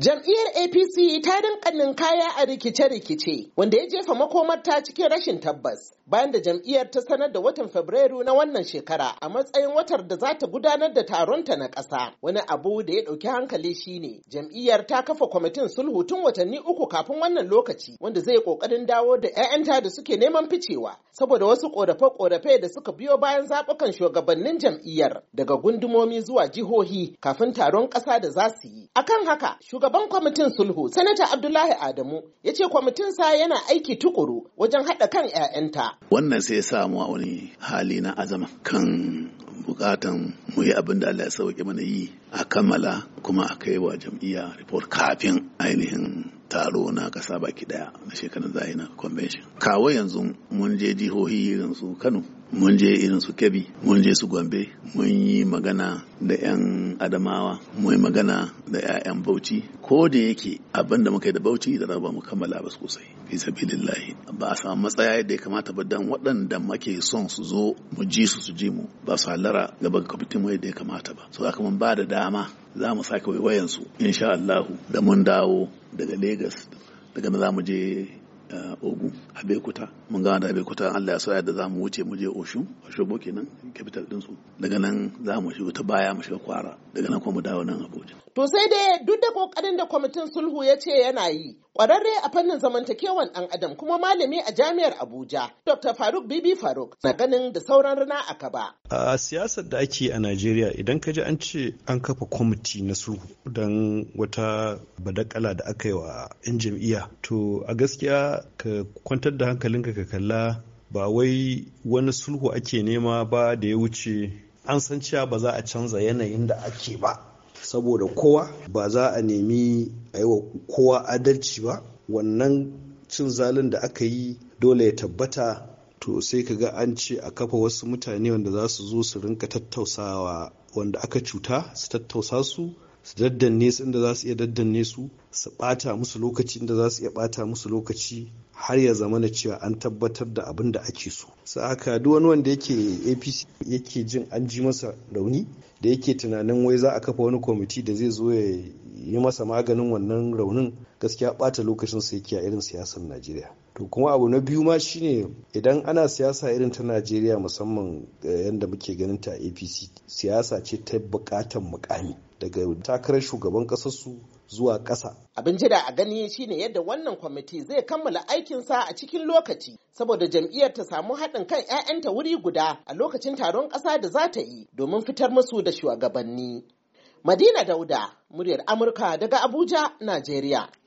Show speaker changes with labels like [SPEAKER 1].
[SPEAKER 1] Jam'iyyar APC ta rinka ninkaya a rikice-rikice wanda ya jefa makomar ta cikin rashin tabbas bayan da jam'iyyar ta sanar da watan Fabrairu na wannan shekara a matsayin watar da za ta gudanar da taronta na ƙasa. Wani abu da ya ɗauki hankali shine jam'iyyar ta kafa kwamitin sulhu tun watanni uku kafin wannan lokaci wanda zai ƙoƙarin dawo da 'ya'yanta da suke neman ficewa saboda wasu ƙorafe-ƙorafe da suka biyo bayan zaɓukan shugabannin jam'iyyar daga gundumomi zuwa jihohi kafin taron ƙasa da za su yi. kan haka, shugaban kwamitin sulhu, Sanata Abdullahi Adamu, ya ce kwamitinsa yana aiki tukuru wajen haɗa kan 'ya'yanta.
[SPEAKER 2] Wannan sai sa mu a wani hali na azama kan bukatan mu yi abin da Allah ya sauke mana yi a kammala kuma a kai wa jam'iyya report kafin ainihin taro na kasa baki daya na shekarar zahina convention kawo yanzu mun je jihohi irin su kano mun je irin su kebi mun je su gombe mun yi magana da 'yan adamawa mun yi magana da 'ya'yan bauchi ko da yake abin da muka yi da bauchi da ba mu kammala ba sosai fi lillahi. ba a samu matsaya yadda ya kamata ba dan waɗanda muke son su zo mu ji su su ji mu ba su hallara gaba ga kwamitin mu da ya kamata ba so aka mun ba da dama za mu sake waiwayen su insha Allah da mun dawo daga Legas daga na za mu je Eh, ogu abekuta mun gana da abekuta allah ya sa da za mu wuce mu je oshun oshobo kenan capital din su daga nan za mu shiga ta baya mu shiga kwara daga nan kuma mu dawo nan abuja
[SPEAKER 1] To sai dai duk da kokarin da kwamitin sulhu ya ce yana yi, kwararre a fannin zamantakewan ɗan adam kuma malami a jami'ar Abuja, Dr. Faruk Bibi Faruk na ganin da sauran rana a kaba.
[SPEAKER 3] A siyasar da ake a Najeriya idan ka ji an ce an kafa kwamiti na sulhu don wata badakala da aka yi wa 'yan jam'iyya, to a gaskiya ka kwantar da hankalinka ka kalla ba wai wani sulhu ake nema ba da ya wuce an san cewa ba za a canza yanayin da ake ba saboda kowa ba za a nemi a yi wa kowa adalci ba wannan cin zalin da aka yi dole ya tabbata to sai ka ga an ce a kafa wasu mutane wanda za su zo su rinka tattausawa wanda aka cuta su tattausa su su daddanne su inda za su iya daddanne su su bata musu lokaci inda za su iya bata musu lokaci har ya zama zamana cewa an tabbatar da abin da ake so sa haka duk wani wanda yake apc yake jin an ji masa rauni da yake tunanin wai za a kafa wani kwamiti da zai zo ya yi masa maganin wannan raunin gaskiya bata lokacin sa yake a irin siyasar najeriya to kuma abu na biyu ma shine idan ana siyasa irin ta najeriya musamman eh, yadda muke ganin ta apc siyasa ce ta bukatan mukami daga takarar shugaban ƙasarsu zuwa ƙasa. Abin jira a
[SPEAKER 1] gani shine yadda wannan kwamiti zai kammala aikinsa a cikin lokaci saboda jam'iyyar ta samu haɗin kan 'ya'yanta wuri guda a lokacin taron ƙasa da za ta yi domin fitar musu da shugabanni. Madina Dauda, muryar Amurka daga Abuja, Najeriya.